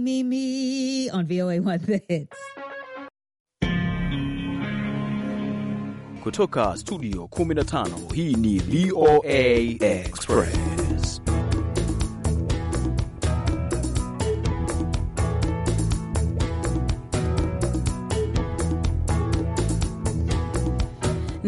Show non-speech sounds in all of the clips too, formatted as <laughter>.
me, me, me on VOA1 The Hits. Kutoka studio 15 hii ni VOA Express.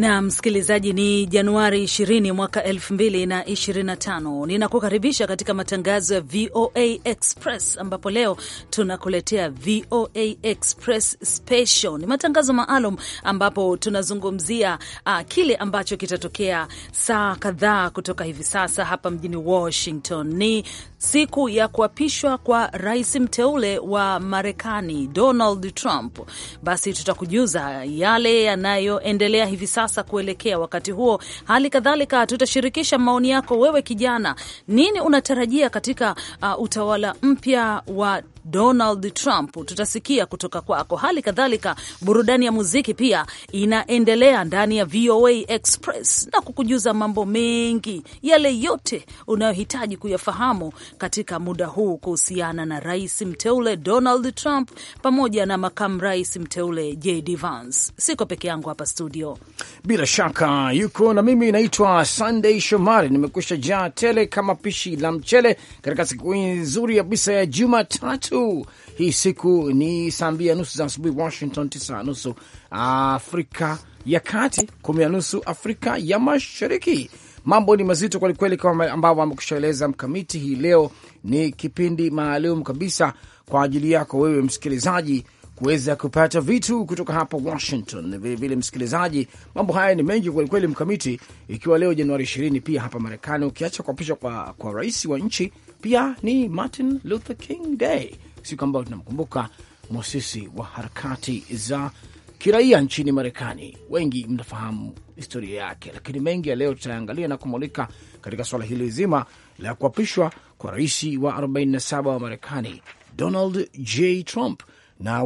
na msikilizaji, ni Januari 20 mwaka 2025. Ninakukaribisha katika matangazo ya VOA Express ambapo leo tunakuletea VOA Express Special. Ni matangazo maalum ambapo tunazungumzia uh, kile ambacho kitatokea saa kadhaa kutoka hivi sasa hapa mjini Washington. Ni siku ya kuapishwa kwa rais mteule wa Marekani Donald Trump. Basi tutakujuza yale yanayoendelea hivi sasa sasa kuelekea wakati huo. Hali kadhalika tutashirikisha maoni yako wewe kijana, nini unatarajia katika uh, utawala mpya wa Donald Trump tutasikia kutoka kwako. Hali kadhalika burudani ya muziki pia inaendelea ndani ya VOA Express na kukujuza mambo mengi yale yote unayohitaji kuyafahamu katika muda huu kuhusiana na rais mteule Donald Trump pamoja na makamu rais mteule JD Vance. Siko peke yangu hapa studio, bila shaka yuko na mimi. Naitwa Sunday Shomari, nimekusha jaa tele kama pishi la mchele katika siku hii nzuri kabisa ya Jumatatu nusu hii siku ni saa mbili nusu za asubuhi Washington, tisa na nusu Afrika ya Kati, kumi na nusu Afrika ya Mashariki. Mambo ni mazito kwelikweli, kama ambavyo amekushaeleza Mkamiti. Hii leo ni kipindi maalum kabisa kwa ajili yako wewe msikilizaji kuweza kupata vitu kutoka hapa Washington. Vilevile msikilizaji, mambo haya ni mengi kwelikweli, Mkamiti, ikiwa leo Januari ishirini pia hapa Marekani, ukiacha kuapishwa kwa, kwa rais wa nchi, pia ni Martin Luther King Day, siku ambayo tunamkumbuka mwasisi wa harakati za kiraia nchini Marekani. Wengi mnafahamu historia yake, lakini mengi ya leo tutayaangalia na kumulika katika swala hili zima la kuapishwa kwa rais wa 47 wa Marekani, Donald J Trump na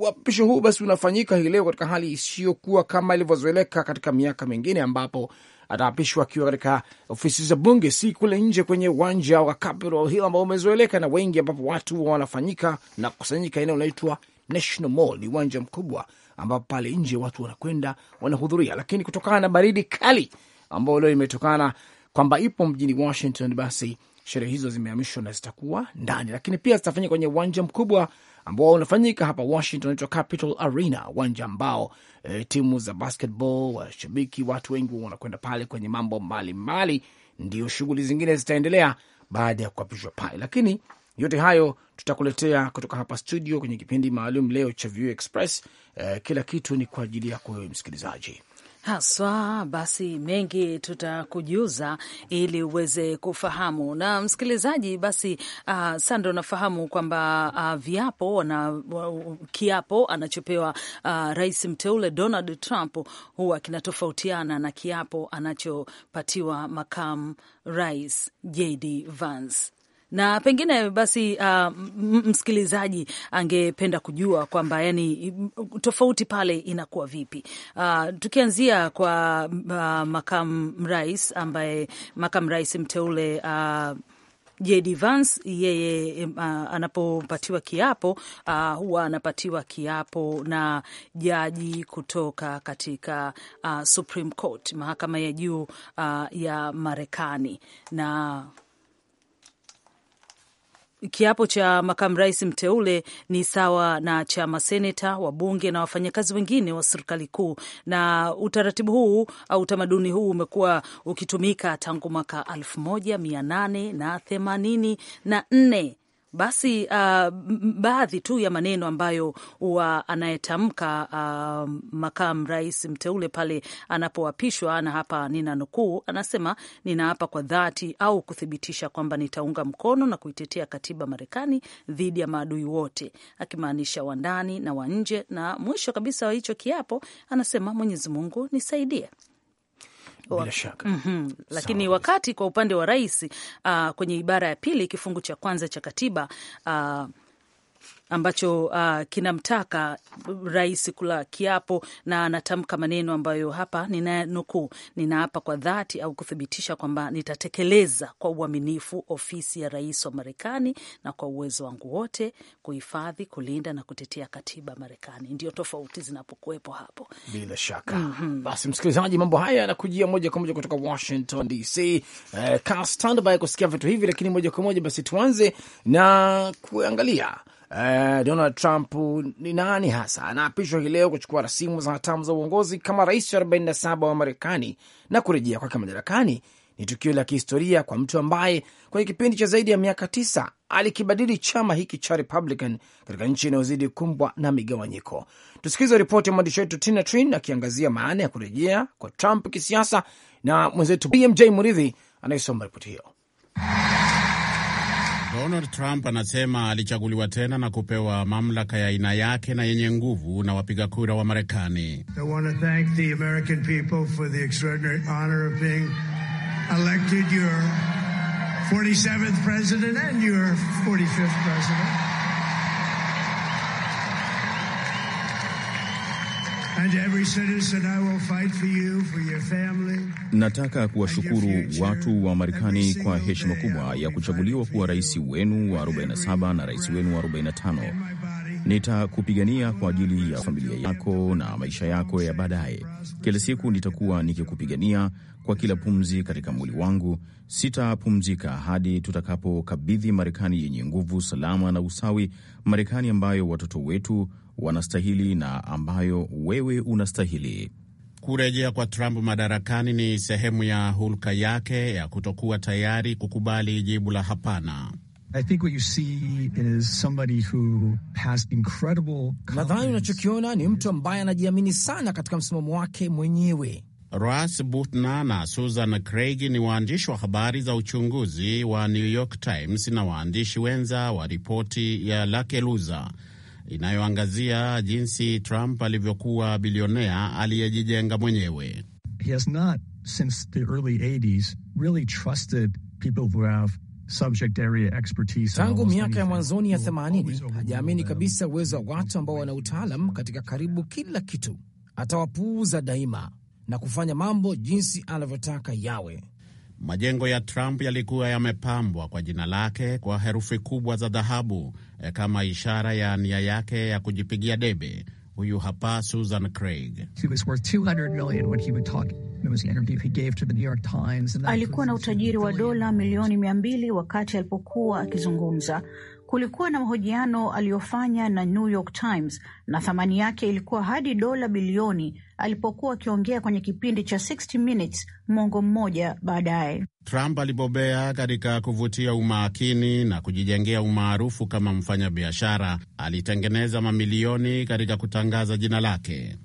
uapisho huu basi unafanyika hii leo katika hali isiyokuwa kama ilivyozoeleka katika miaka mingine, ambapo ataapishwa akiwa katika ofisi za bunge, si kule nje kwenye uwanja wa Capitol Hill ambao umezoeleka na wengi, ambapo watu wanafanyika na kukusanyika eneo linaitwa National Mall. Ni uwanja mkubwa ambapo pale nje watu wanakwenda wanahudhuria, lakini kutokana na baridi kali ambayo leo imetokana kwamba ipo mjini Washington, basi sherehe hizo zimehamishwa na zitakuwa ndani, lakini pia zitafanyika kwenye uwanja mkubwa ambao unafanyika hapa Washington, unaitwa Capital Arena, uwanja ambao e, timu za basketball, washabiki, watu wengi wanakwenda pale kwenye mambo mbalimbali. Ndio shughuli zingine zitaendelea baada ya kuapishwa pale, lakini yote hayo tutakuletea kutoka hapa studio kwenye kipindi maalum leo cha View Express. E, kila kitu ni kwa ajili yako wewe msikilizaji haswa. Basi mengi tutakujuza ili uweze kufahamu. Na msikilizaji, basi uh, ah, Sando, nafahamu kwamba uh, viapo na uh, kiapo anachopewa uh, rais mteule Donald Trump huwa kinatofautiana na kiapo anachopatiwa makamu rais JD Vance na pengine basi uh, msikilizaji angependa kujua kwamba yani tofauti pale inakuwa vipi? Uh, tukianzia kwa uh, makamu rais ambaye makamu rais mteule uh, JD Vance yeye uh, anapopatiwa kiapo uh, huwa anapatiwa kiapo na jaji kutoka katika uh, Supreme Court, mahakama ya juu uh, ya Marekani na kiapo cha makamu rais mteule ni sawa na cha maseneta, wabunge na wafanyakazi wengine wa serikali kuu, na utaratibu huu au utamaduni huu umekuwa ukitumika tangu mwaka elfu moja mia nane na themanini na nne basi uh, baadhi tu ya maneno ambayo huwa anayetamka uh, makamu rais mteule pale anapoapishwa, na hapa nina nukuu, anasema ninaapa kwa dhati au kuthibitisha kwamba nitaunga mkono na kuitetea katiba Marekani dhidi ya maadui wote, akimaanisha wa ndani na wa nje. Na mwisho kabisa wa hicho kiapo anasema Mwenyezi Mungu nisaidie bila shaka mm -hmm. Lakini Sama wakati kwa upande wa rais uh, kwenye ibara ya pili kifungu cha kwanza cha katiba uh, ambacho uh, kinamtaka rais kula kiapo na anatamka maneno ambayo hapa ninanukuu, ninaapa kwa dhati au kuthibitisha kwamba nitatekeleza kwa uaminifu ofisi ya rais wa Marekani na kwa uwezo wangu wote kuhifadhi, kulinda na kutetea katiba Marekani. Ndio tofauti zinapokuwepo hapo, bila shaka mm -hmm. Basi msikilizaji, mambo haya yanakujia moja kwa moja kutoka Washington DC. Uh, eh, kaa standby kusikia vitu hivi, lakini moja kwa moja basi tuanze na kuangalia Eh, Donald Trump ni nani hasa anaapishwa hii leo kuchukua rasimu za hatamu za uongozi kama rais wa 47 wa Marekani, na kurejea kwake madarakani ni tukio la kihistoria kwa mtu ambaye kwenye kipindi cha zaidi ya miaka tisa alikibadili chama hiki cha Republican katika nchi inayozidi kumbwa na migawanyiko. Tusikilize ripoti ya mwandishi wetu Tina Trin akiangazia maana ya kurejea kwa Trump kisiasa, na mwenzetu BMJ Muridhi anayesoma ripoti hiyo. Donald Trump anasema alichaguliwa tena na kupewa mamlaka ya aina yake na yenye nguvu na wapiga kura wa Marekani. Elected your 47th president and your 45th president. Nataka kuwashukuru watu wa Marekani kwa heshima kubwa ya kuchaguliwa kuwa rais wenu wa 47 na rais wenu wa 45. Nitakupigania kwa ajili ya familia yako na maisha yako ya baadaye. Kila siku nitakuwa nikikupigania kwa kila pumzi katika mwili wangu. Sitapumzika hadi tutakapokabidhi Marekani yenye nguvu, salama na usawi, Marekani ambayo watoto wetu wanastahili na ambayo wewe unastahili. Kurejea kwa Trump madarakani ni sehemu ya hulka yake ya kutokuwa tayari kukubali jibu la hapana. Nadhani unachokiona ni mtu ambaye anajiamini sana katika msimamo wake mwenyewe. Ras Butna na Susan Craig ni waandishi wa habari za uchunguzi wa New York Times na waandishi wenza wa ripoti ya Lakeluza inayoangazia jinsi Trump alivyokuwa bilionea aliyejijenga mwenyewe. He has not since the early 80s really trusted people who have subject area expertise. Tangu miaka ya mwanzoni ya 80 hajaamini kabisa uwezo wa watu ambao wana utaalam katika karibu kila kitu. Atawapuuza daima na kufanya mambo jinsi anavyotaka yawe. Majengo ya Trump yalikuwa yamepambwa kwa jina lake kwa herufi kubwa za dhahabu e, kama ishara ya nia yake ya kujipigia debe. Huyu hapa Susan Craig. Alikuwa na utajiri wa dola milioni mia mbili wakati alipokuwa akizungumza. Kulikuwa na mahojiano aliyofanya na New York Times na thamani yake ilikuwa hadi dola bilioni alipokuwa akiongea kwenye kipindi cha 60 Minutes mwongo mmoja baadaye. Trump alibobea katika kuvutia umakini na kujijengea umaarufu kama mfanyabiashara. Alitengeneza mamilioni katika kutangaza jina lake.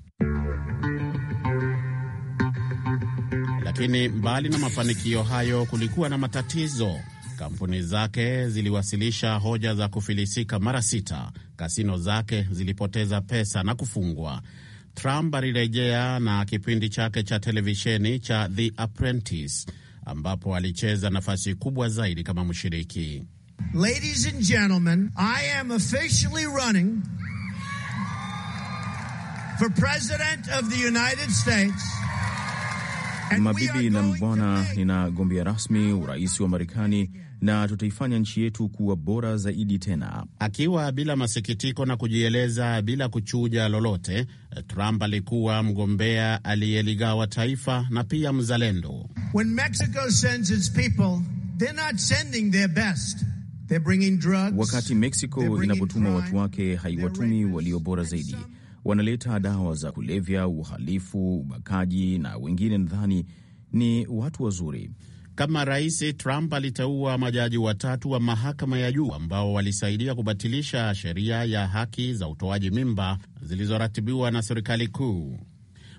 Lakini mbali na mafanikio hayo, kulikuwa na matatizo. Kampuni zake ziliwasilisha hoja za kufilisika mara sita, kasino zake zilipoteza pesa na kufungwa. Trump alirejea na kipindi chake cha televisheni cha The Apprentice ambapo alicheza nafasi kubwa zaidi kama mshiriki. Ladies and gentlemen, I am officially running for president of the United States. Mabibi na mbwana, ninagombea rasmi urais wa Marekani na tutaifanya nchi yetu kuwa bora zaidi tena. Akiwa bila masikitiko na kujieleza bila kuchuja lolote, Trump alikuwa mgombea aliyeligawa taifa na pia mzalendo. When Mexico sends its people, they're not sending their best. They're bringing drugs, wakati Mexico inapotuma watu wake haiwatumi walio bora zaidi, wanaleta dawa za kulevya, uhalifu, ubakaji na wengine nadhani ni watu wazuri kama Rais Trump aliteua majaji watatu wa mahakama ya juu ambao walisaidia kubatilisha sheria ya haki za utoaji mimba zilizoratibiwa na serikali kuu.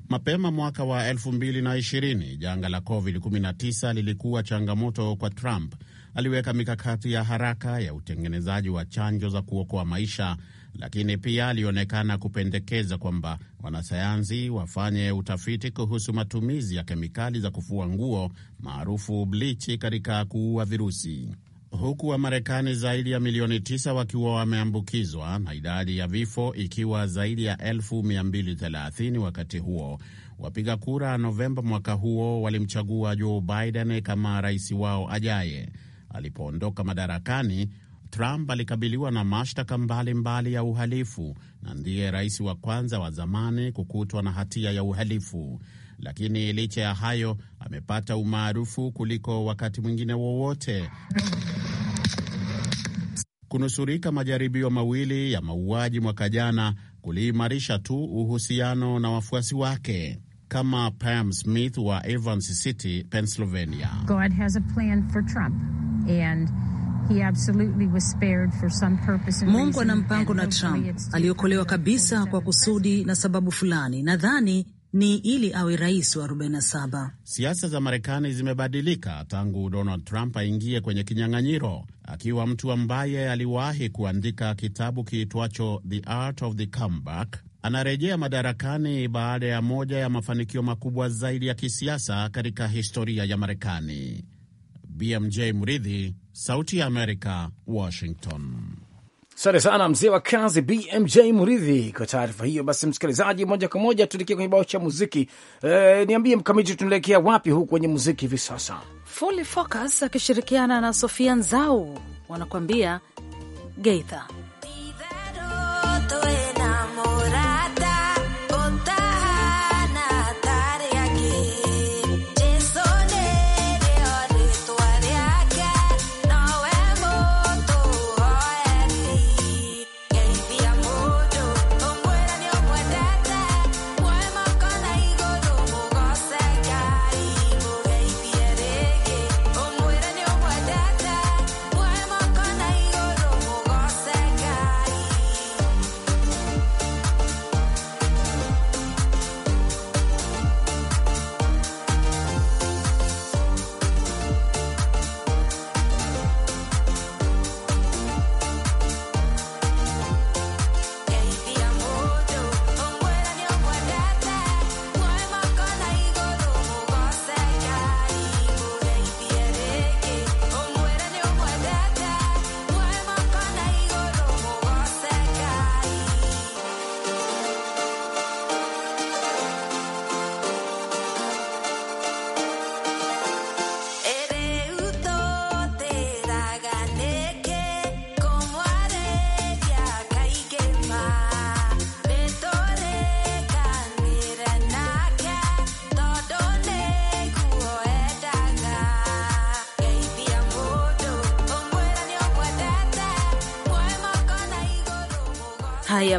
Mapema mwaka wa 2020 janga la COVID-19 lilikuwa changamoto kwa Trump. Aliweka mikakati ya haraka ya utengenezaji wa chanjo za kuokoa maisha lakini pia alionekana kupendekeza kwamba wanasayansi wafanye utafiti kuhusu matumizi ya kemikali za kufua nguo maarufu blichi katika kuua virusi. Huku Wamarekani zaidi ya milioni tisa wakiwa wameambukizwa na idadi ya vifo ikiwa zaidi ya elfu 230 wakati huo, wapiga kura Novemba mwaka huo walimchagua Joe Biden kama rais wao ajaye. Alipoondoka madarakani Trump alikabiliwa na mashtaka mbalimbali ya uhalifu na ndiye rais wa kwanza wa zamani kukutwa na hatia ya uhalifu, lakini licha ya hayo amepata umaarufu kuliko wakati mwingine wowote kunusurika majaribio mawili ya mauaji mwaka jana kuliimarisha tu uhusiano na wafuasi wake kama Pam Smith wa Evans City, Pennsylvania. God has a plan for Trump and Mungu ana mpango na Trump. Aliokolewa kabisa kwa kusudi na sababu fulani, nadhani ni ili awe rais wa 47. Siasa za Marekani zimebadilika tangu Donald Trump aingie kwenye kinyang'anyiro, akiwa mtu ambaye aliwahi kuandika kitabu kiitwacho The Art of the Comeback. Anarejea madarakani baada ya moja ya mafanikio makubwa zaidi ya kisiasa katika historia ya Marekani. BMJ Mridhi, Sauti ya Amerika, Washington. sante sana mzee wa kazi BMJ Muridhi kwa taarifa hiyo. Basi msikilizaji, moja kwa moja tuelekee kwenye bao cha muziki. E, niambie Mkamiti, tunaelekea wapi huku kwenye muziki hivi sasa? Fully Focus akishirikiana na Sofia Nzau wanakuambia Geitha.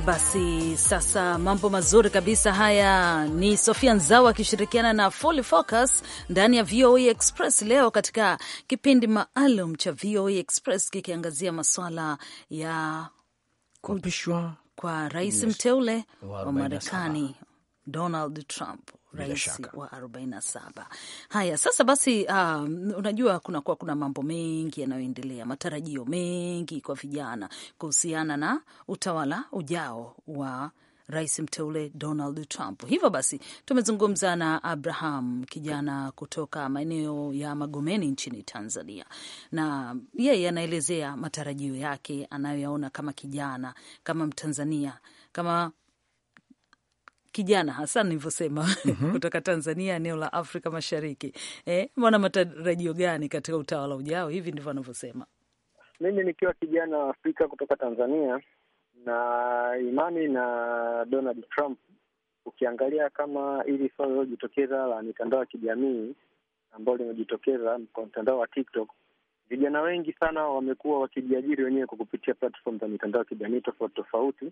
Basi sasa, mambo mazuri kabisa haya. Ni Sofia Nzawa akishirikiana na Full Focus ndani ya VOA e Express leo katika kipindi maalum cha VOA e Express kikiangazia masuala ya kuapishwa kwa rais mteule wa Marekani Donald Trump rais wa 47. Haya sasa basi, um, unajua kunakuwa kuna mambo mengi yanayoendelea, matarajio mengi kwa vijana kuhusiana na utawala ujao wa rais mteule Donald Trump. Hivyo basi tumezungumza na Abraham, kijana kutoka maeneo ya Magomeni nchini Tanzania, na yeye anaelezea matarajio yake anayoyaona kama kijana, kama Mtanzania, kama kijana hasa nilivyosema mhm. <laughs> kutoka Tanzania, eneo la Afrika Mashariki, eh, mbona eh, matarajio gani katika utawala ujao? Hivi ndivyo anavyosema. Mimi nikiwa kijana wa Afrika kutoka Tanzania na imani na Donald Trump, ukiangalia kama ili swala lilojitokeza la mitandao ya kijamii ambayo limejitokeza kwa mtandao wa TikTok, vijana wengi sana wamekuwa wakijiajiri wenyewe kwa kupitia platform za mitandao ya kijamii tofauti tofauti,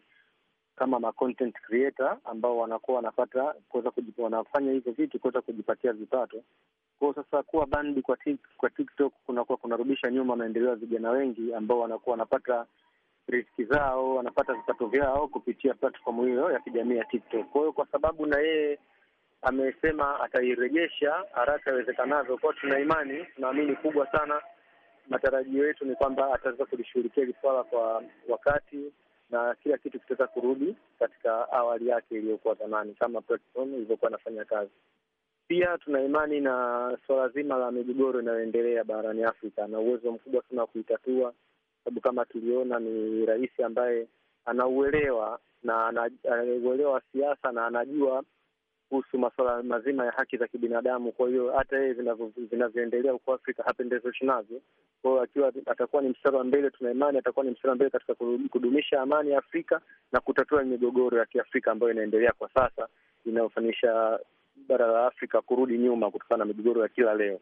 kama ma content creator ambao wanakuwa wanapata kuweza wanafanya hizo vitu kuweza kujipatia vipato kwao. Sasa kuwa bandi kwa tik, kwa TikTok kunakuwa kunarudisha nyuma maendeleo ya vijana wengi ambao wanakuwa wanapata riski zao, wanapata vipato vyao kupitia platform hiyo ya kijamii ya TikTok. Kwa hiyo kwa sababu na yeye amesema atairejesha haraka iwezekanavyo, kwao tuna imani, tunaamini kubwa sana matarajio yetu ni kwamba ataweza kulishughulikia hili swala kwa wakati na kila kitu kitaweza kurudi katika awali yake iliyokuwa zamani, kama platform ilivyokuwa anafanya kazi. Pia tuna imani na suala zima la migogoro inayoendelea barani Afrika na uwezo mkubwa sana wa kuitatua, sababu kama tuliona ni rais ambaye anauelewa na anauelewa siasa na anajua kuhusu masuala mazima ya haki za kibinadamu. Kwa hiyo hata yeye vinavyoendelea huko Afrika hapendezeshi navyo. Kwa hiyo akiwa atakuwa ni mstari wa mbele, tuna imani atakuwa ni mstari wa mbele katika kudumisha amani ya Afrika na kutatua migogoro ya kiafrika ambayo inaendelea kwa sasa, inayofanisha bara la Afrika kurudi nyuma kutokana na migogoro ya kila leo.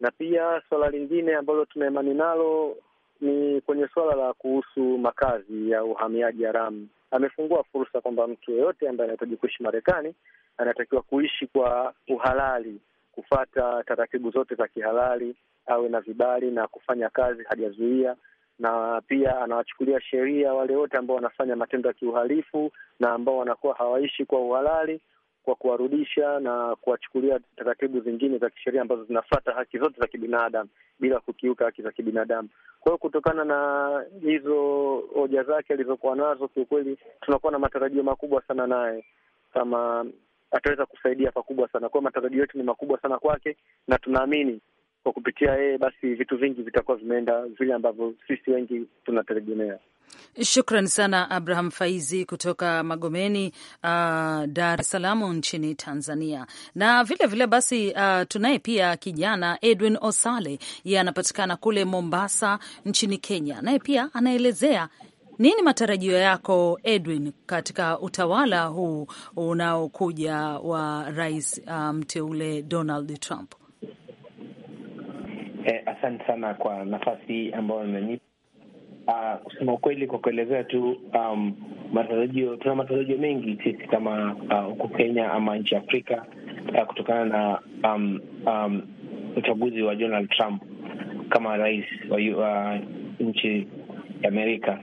Na pia suala lingine ambalo tuna imani nalo ni kwenye suala la kuhusu makazi ya uhamiaji haramu. Amefungua fursa kwamba mtu yeyote ambaye anahitaji kuishi Marekani anatakiwa kuishi kwa uhalali, kufata taratibu zote za kihalali, awe na vibali na kufanya kazi hajazuia, na pia anawachukulia sheria wale wote ambao wanafanya matendo ya kiuhalifu na ambao wanakuwa hawaishi kwa uhalali kwa kuwarudisha na kuwachukulia taratibu zingine za kisheria ambazo zinafata haki zote za kibinadamu bila kukiuka haki za kibinadamu. Kwa hiyo kutokana na hizo hoja zake alizokuwa nazo, kiukweli tunakuwa na matarajio makubwa sana naye kama ataweza kusaidia pakubwa sana. Kwa matarajio yetu ni makubwa sana kwake, na tunaamini kwa kupitia yeye basi vitu vingi vitakuwa vimeenda vile ambavyo sisi wengi tunategemea. Shukran sana Abraham Faizi kutoka Magomeni, uh, Dar es Salaam nchini Tanzania. Na vilevile vile basi, uh, tunaye pia kijana Edwin Osale, yeye anapatikana kule Mombasa nchini Kenya, naye pia anaelezea nini matarajio yako Edwin, katika utawala huu unaokuja wa rais uh, mteule um, Donald Trump? Eh, asante sana kwa nafasi ambayo imenipa. Uh, ah, kusema ukweli kwa kuelezea tu um, matarajio, tuna matarajio mengi sisi kama uh, huku uh, Kenya ama nchi ya Afrika uh, kutokana na um, um, uchaguzi wa Donald Trump kama rais wa uh, nchi ya Amerika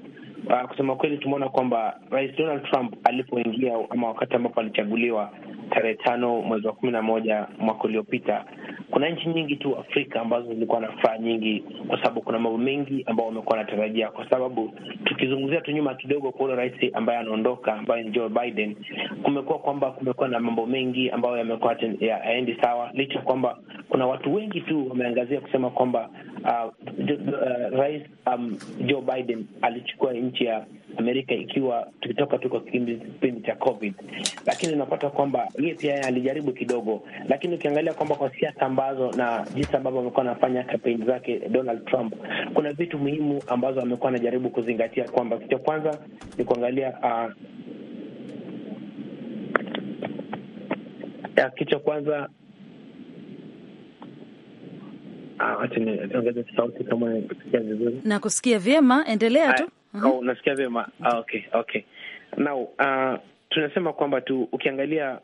uh, kusema kweli tumeona kwamba Rais Donald Trump alipoingia ama wakati ambapo alichaguliwa tarehe tano mwezi wa kumi na moja mwaka uliopita, kuna nchi nyingi tu Afrika ambazo zilikuwa na furaha nyingi, kwa sababu kuna mambo mengi ambao wamekuwa wanatarajia, kwa sababu tukizungumzia tu nyuma kidogo kwa ule rais ambaye anaondoka ambaye ni Joe Biden, kumekuwa kwamba kumekuwa na mambo mengi ambayo yamekuwa yaendi sawa, licha kwamba kuna watu wengi tu wameangazia kusema kwamba uh, uh, Rais um, Joe Biden alichukua nchi ya Amerika ikiwa tukitoka tu kwa kipindi cha COVID, lakini unapata kwamba yeye pia alijaribu kidogo, lakini ukiangalia kwamba kwa siasa ambazo na jinsi ambavyo amekuwa anafanya kampeni zake Donald Trump, kuna vitu muhimu ambazo amekuwa anajaribu kuzingatia, kwamba kitu cha kwanza ni kuangalia uh, kitu cha kwanza Ah, niongeze Nakusikia vyema, endelea tu. Unasikia ah, oh, vyema? Ah, okay, okay. Now uh, tunasema kwamba tu ukiangalia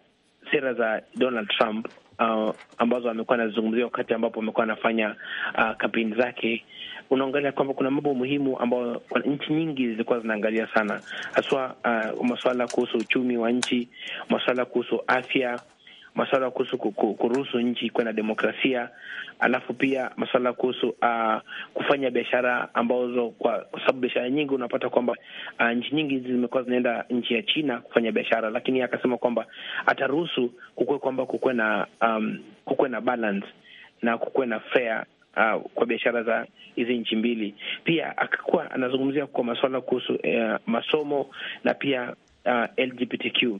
sera za Donald Trump uh, ambazo amekuwa anazungumzia wakati ambapo amekuwa anafanya uh, kampeni zake, unaangalia kwamba kuna mambo muhimu ambayo nchi nyingi zilikuwa zinaangalia sana, haswa uh, masuala kuhusu uchumi wa nchi, masuala kuhusu afya masuala kuhusu kuruhusu nchi kuwa na demokrasia, alafu pia masuala kuhusu uh, kufanya biashara ambazo, kwa sababu biashara nyingi unapata kwamba uh, nchi nyingi zimekuwa zinaenda nchi ya China kufanya biashara, lakini akasema kwamba ataruhusu kukuwe kwamba kukuwe na um, kukuwe na balance na kukuwe na fair Uh, kwa biashara za hizi nchi mbili. Pia akakuwa anazungumzia kwa masuala kuhusu uh, masomo na pia uh, LGBTQ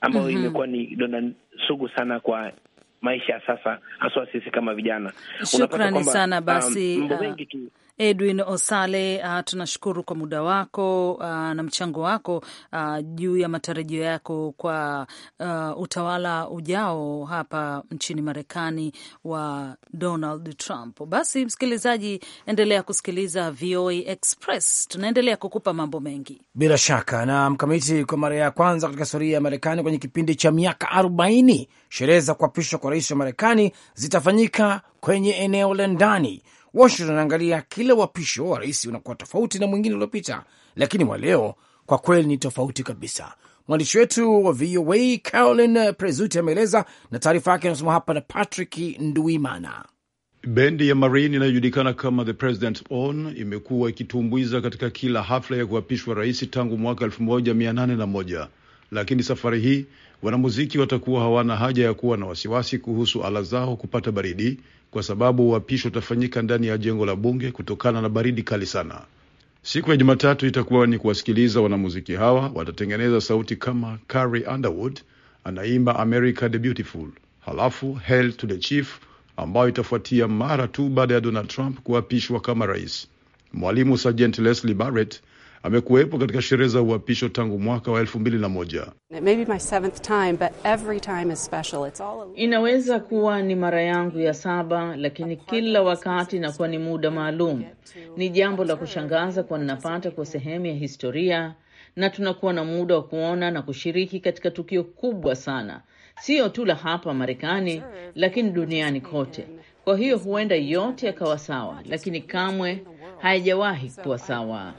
ambayo mm -hmm. imekuwa ni donda sugu sana kwa maisha ya sasa, haswa sisi kama vijana. Shukrani sana um, basi, um, mambo uh, mengi tu uh... Edwin Osale, uh, tunashukuru kwa muda wako uh, na mchango wako uh, juu ya matarajio yako kwa uh, utawala ujao hapa nchini Marekani wa Donald Trump. Basi msikilizaji, endelea kusikiliza VOA Express, tunaendelea kukupa mambo mengi bila shaka. Na mkamiti, kwa mara ya kwanza katika historia ya Marekani kwenye kipindi cha miaka 40 sherehe za kuapishwa kwa rais wa Marekani zitafanyika kwenye eneo la ndani Washington anaangalia kila wapisho wa rais unakuwa tofauti na mwingine uliopita, lakini wa leo kwa kweli ni tofauti kabisa. Mwandishi wetu wa VOA Carolin Presuti ameeleza na taarifa yake inasoma hapa na Patrick Nduimana. Bendi ya Marine inayojulikana kama The President On imekuwa ikitumbuiza katika kila hafla ya kuapishwa rais tangu mwaka 1801 lakini safari hii wanamuziki watakuwa hawana haja ya kuwa na wasiwasi kuhusu ala zao kupata baridi, kwa sababu uapisho utafanyika ndani ya jengo la bunge kutokana na baridi kali sana. Siku ya Jumatatu itakuwa ni kuwasikiliza wanamuziki hawa. Watatengeneza sauti kama Carrie Underwood anaimba America the Beautiful, halafu Hail to the Chief ambayo itafuatia mara tu baada ya Donald Trump kuapishwa kama rais. Mwalimu Sergeant Leslie Barrett amekuwepo katika sherehe za uhapisho tangu mwaka wa elfu mbili na moja. Inaweza kuwa ni mara yangu ya saba, lakini kila wakati inakuwa ni muda maalum. Ni jambo la kushangaza kuwa ninapata kuwa sehemu ya historia na tunakuwa na muda wa kuona na kushiriki katika tukio kubwa sana, sio tu la hapa Marekani, lakini duniani kote. Kwa hiyo huenda yote yakawa sawa, lakini kamwe haijawahi kuwa sawa.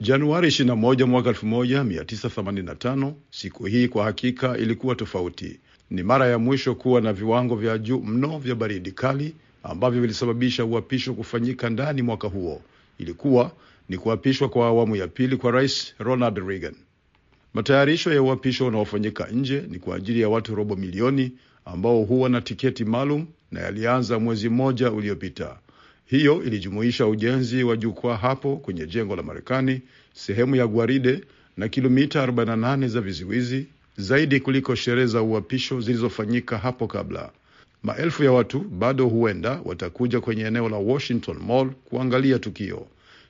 Januari 21 mwaka 1985, siku hii kwa hakika ilikuwa tofauti. Ni mara ya mwisho kuwa na viwango vya juu mno vya baridi kali ambavyo vilisababisha uapisho kufanyika ndani mwaka huo. Ilikuwa ni kuapishwa kwa awamu ya pili kwa Rais Ronald Reagan. Matayarisho ya uapisho unaofanyika nje ni kwa ajili ya watu robo milioni ambao huwa na tiketi maalum na yalianza mwezi mmoja uliopita. Hiyo ilijumuisha ujenzi wa jukwaa hapo kwenye jengo la Marekani, sehemu ya gwaride na kilomita 48 za viziwizi, zaidi kuliko sherehe za uapisho zilizofanyika hapo kabla. Maelfu ya watu bado huenda watakuja kwenye eneo la Washington Mall kuangalia tukio.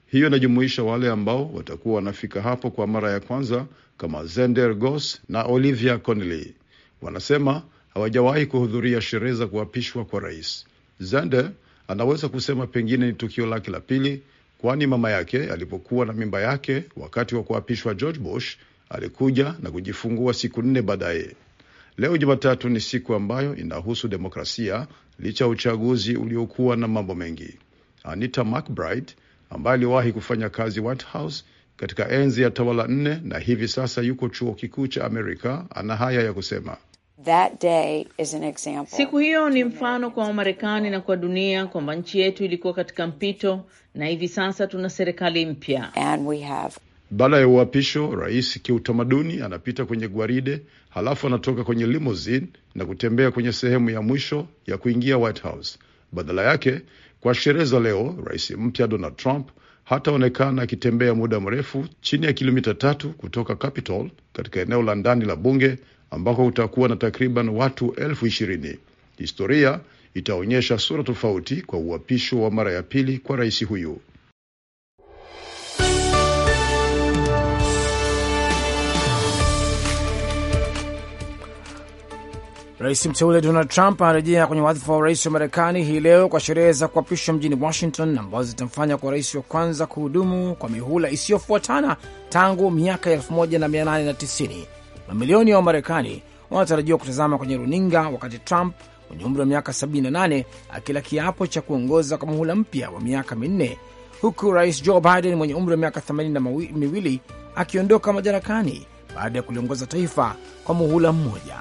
Hiyo inajumuisha wale ambao watakuwa wanafika hapo kwa mara ya kwanza kama Zender Goss na Olivia Connelly. Wanasema hawajawahi kuhudhuria sherehe za kuapishwa kwa rais. Zander anaweza kusema pengine ni tukio lake la pili, kwani mama yake alipokuwa na mimba yake wakati wa kuapishwa George Bush alikuja na kujifungua siku nne baadaye. Leo Jumatatu ni siku ambayo inahusu demokrasia licha ya uchaguzi uliokuwa na mambo mengi. Anita McBride ambaye aliwahi kufanya kazi White House katika enzi ya tawala nne na hivi sasa yuko chuo kikuu cha Amerika ana haya ya kusema. That day is an example. Siku hiyo ni mfano kwa Wamarekani na kwa dunia kwamba nchi yetu ilikuwa katika mpito na hivi sasa tuna serikali mpya. Baada ya uapisho, rais kiutamaduni anapita kwenye gwaride, halafu anatoka kwenye limousine na kutembea kwenye sehemu ya mwisho ya kuingia White House. Badala yake, kwa sherehe za leo, rais mpya Donald Trump hataonekana akitembea muda mrefu chini ya kilomita tatu kutoka Capitol katika eneo la ndani la bunge ambako utakuwa na takriban watu elfu ishirini. Historia itaonyesha sura tofauti kwa uapisho wa mara ya pili kwa rais huyu. Rais mteule Donald Trump anarejea kwenye wadhifa wa urais wa Marekani hii leo kwa sherehe za kuapishwa mjini Washington, ambazo zitamfanya kwa rais wa kwanza kuhudumu kwa mihula isiyofuatana tangu miaka 1890 Mamilioni ya Wamarekani wanatarajiwa kutazama kwenye runinga wakati Trump mwenye umri wa miaka 78 akila kiapo cha kuongoza kwa muhula mpya wa miaka minne, huku rais Joe Biden mwenye umri wa miaka 82 akiondoka madarakani baada ya kuliongoza taifa kwa muhula mmoja.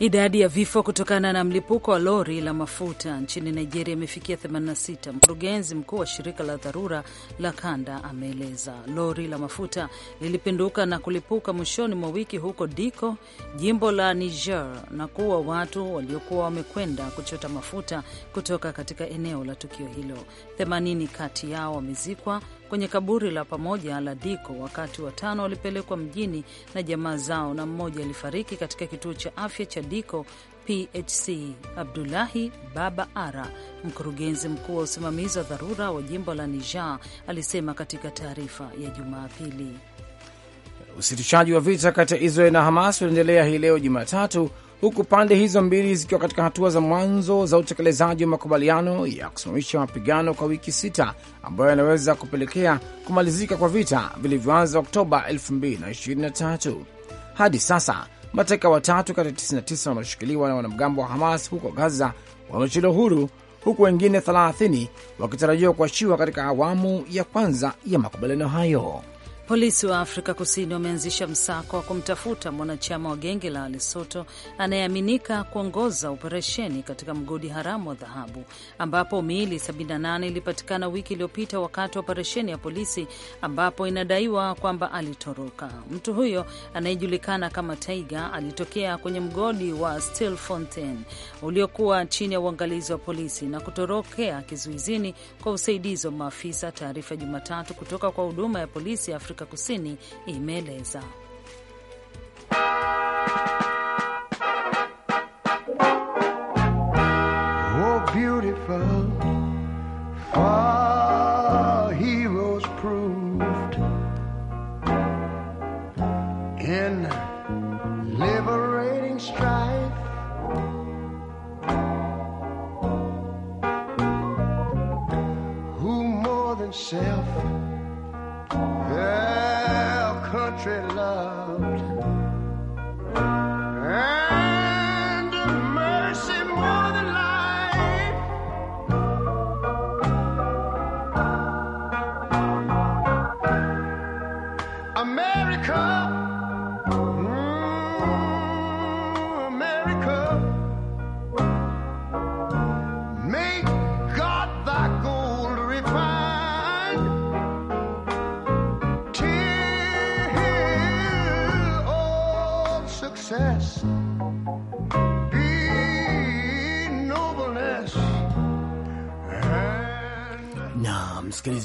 Idadi ya vifo kutokana na mlipuko wa lori la mafuta nchini Nigeria imefikia 86. Mkurugenzi mkuu wa shirika la dharura la kanda ameeleza lori la mafuta lilipinduka na kulipuka mwishoni mwa wiki huko Diko, jimbo la Niger, na kuwa watu waliokuwa wamekwenda kuchota mafuta kutoka katika eneo la tukio hilo. 80 kati yao wamezikwa kwenye kaburi la pamoja la Diko. Wakati watano walipelekwa mjini na jamaa zao, na mmoja alifariki katika kituo cha afya cha Diko PHC. Abdulahi Baba Ara, mkurugenzi mkuu wa usimamizi wa dharura wa jimbo la Niger, alisema katika taarifa ya Jumapili. Usitishaji wa vita kati ya Israel na Hamas unaendelea hii leo Jumatatu huku pande hizo mbili zikiwa katika hatua za mwanzo za utekelezaji wa makubaliano ya kusimamisha mapigano kwa wiki sita ambayo yanaweza kupelekea kumalizika kwa vita vilivyoanza Oktoba 2023. Hadi sasa mateka watatu kati ya 99 wanaoshikiliwa na wanamgambo wa Hamas huko Gaza wamechiliwa huru huku wengine 30 wakitarajiwa kuachiwa katika awamu ya kwanza ya makubaliano hayo. Polisi wa Afrika Kusini wameanzisha msako wa kumtafuta mwanachama wa genge la Lesoto anayeaminika kuongoza operesheni katika mgodi haramu wa dhahabu, ambapo miili 78 ilipatikana wiki iliyopita wakati wa operesheni ya polisi, ambapo inadaiwa kwamba alitoroka. Mtu huyo anayejulikana kama Taiga alitokea kwenye mgodi wa Stilfontein uliokuwa chini ya uangalizi wa polisi na kutorokea kizuizini kwa usaidizi wa maafisa. Taarifa Jumatatu kutoka kwa huduma ya polisi ya Afrika Afrika Kusini imeeleza.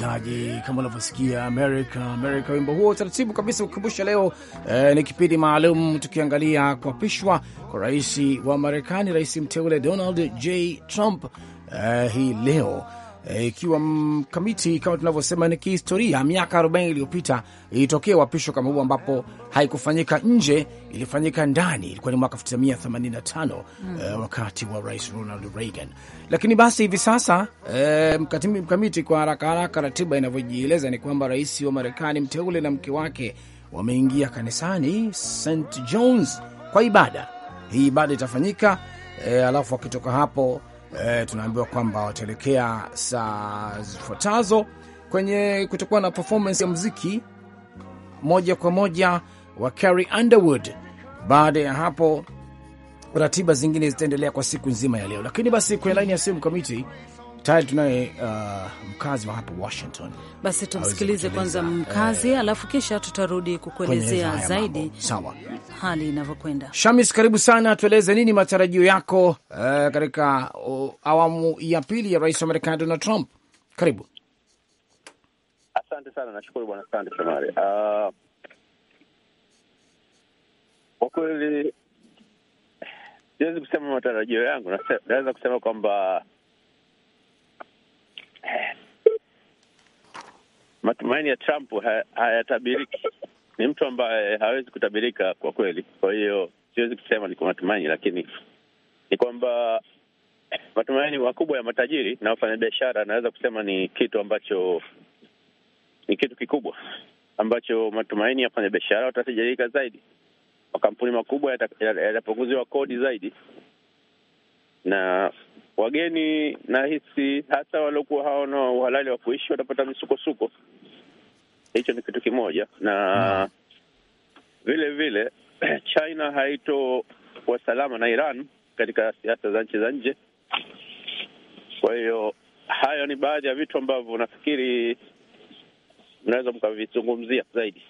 msikilizaji, kama unavyosikia America America, wimbo huo taratibu kabisa kukumbusha leo eh, ni kipindi maalum tukiangalia kuapishwa kwa rais wa Marekani, rais mteule Donald J Trump eh, hii leo Eh, ikiwa e, kamiti kama tunavyosema ni kihistoria, miaka 40 iliyopita ilitokea wapisho kama huo, ambapo haikufanyika nje, ilifanyika ndani. Ilikuwa ni mwaka 1985 mm. e, wakati wa Rais Ronald Reagan. Lakini basi hivi sasa e, mkamiti, kwa haraka haraka ratiba inavyojieleza ni kwamba rais wa Marekani mteule na mke wake wameingia kanisani St John's kwa ibada hii. Ibada itafanyika e, alafu wakitoka hapo e, tunaambiwa kwamba wataelekea saa zifuatazo kwenye kutokuwa na performance ya muziki moja kwa moja wa Carrie Underwood. Baada ya hapo ratiba zingine zitaendelea kwa siku nzima ya leo, lakini basi kwenye laini ya simu kamiti tayari tunaye uh, mkazi wa hapa Washington. Basi tumsikilize kwanza eh. mkazi eh, alafu kisha tutarudi kukuelezea zaidi sawa hali inavyokwenda. Shamis, karibu sana, tueleze nini matarajio yako uh, katika uh, awamu ya pili ya rais wa Marekani Donald Trump. Karibu. Asante sana, nashukuru bwana Sande Shomari. Uh, kwa kweli siwezi kusema matarajio yangu, naweza kusema kwamba matumaini ya Trump hayatabiriki. Ni mtu ambaye hawezi kutabirika kwa kweli, kwa hiyo siwezi kusema ni kwa matumaini, lakini ni kwamba matumaini makubwa ya matajiri na wafanyabiashara, anaweza kusema ni kitu ambacho ni kitu kikubwa ambacho matumaini ya wafanyabiashara watatajirika zaidi, makampuni makubwa yatapunguziwa kodi zaidi na wageni nahisi hasa waliokuwa hawana uhalali wa kuishi watapata misukosuko. Hicho ni kitu kimoja, na hmm. vile vile <clears throat> China kwa salama na Iran katika siasa za nchi za nje. Kwa hiyo hayo ni baadhi ya vitu ambavyo nafikiri mnaweza mkavizungumzia zaidi.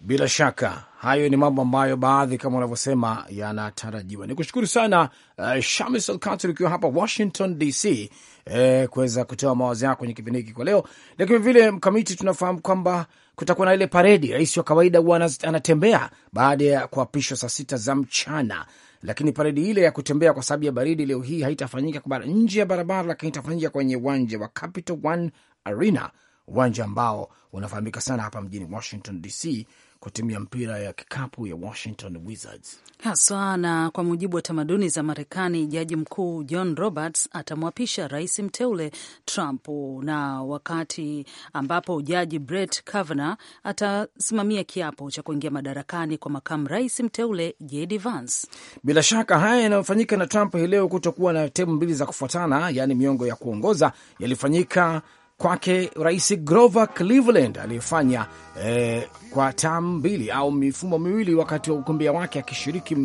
Bila shaka hayo ni mambo ambayo baadhi kama unavyosema yanatarajiwa. Ni kushukuru sana uh, Shamis Alkatri ukiwa hapa Washington DC eh, kuweza kutoa mawazo yako kwenye kipindi hiki kwa leo. Lakini vile mkamiti, tunafahamu kwamba kutakuwa na ile paredi, rais wa kawaida huwa anatembea baada ya kuapishwa saa sita za mchana, lakini paredi ile ya kutembea kwa sababu ya baridi leo hii haitafanyika nje ya barabara, lakini itafanyika kwenye uwanja wa Capital One Arena, uwanja ambao unafahamika sana hapa mjini Washington DC kwa timu ya mpira ya kikapu ya Washington Wizards haswa. Na kwa mujibu wa tamaduni za Marekani, jaji mkuu John Roberts atamwapisha rais mteule Trump, na wakati ambapo jaji Brett Kavanaugh atasimamia kiapo cha kuingia madarakani kwa makamu rais mteule JD Vance. Bila shaka haya yanayofanyika na Trump hii leo, kutokuwa na temu mbili za kufuatana, yaani miongo ya kuongoza, yalifanyika kwake Rais Grover Cleveland aliyefanya eh, kwa tam mbili au mifumo miwili wakati wa ugombea wake akishiriki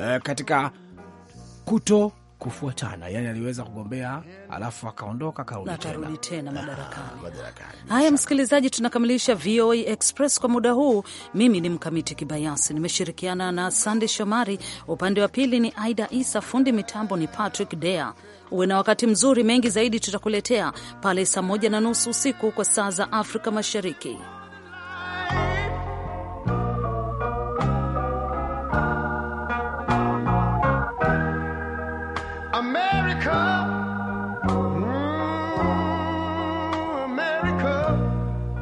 eh, katika kuto kufuatana yani, aliweza kugombea alafu akaondoka akarudi tena madarakani. Ah, madarakani. Haya, msikilizaji, tunakamilisha VOA Express kwa muda huu. Mimi ni Mkamiti Kibayasi, nimeshirikiana na Sande Shomari, upande wa pili ni Aida Isa, fundi mitambo ni Patrick Dea. Uwe na wakati mzuri. Mengi zaidi tutakuletea pale saa moja na nusu usiku kwa saa za Afrika Mashariki.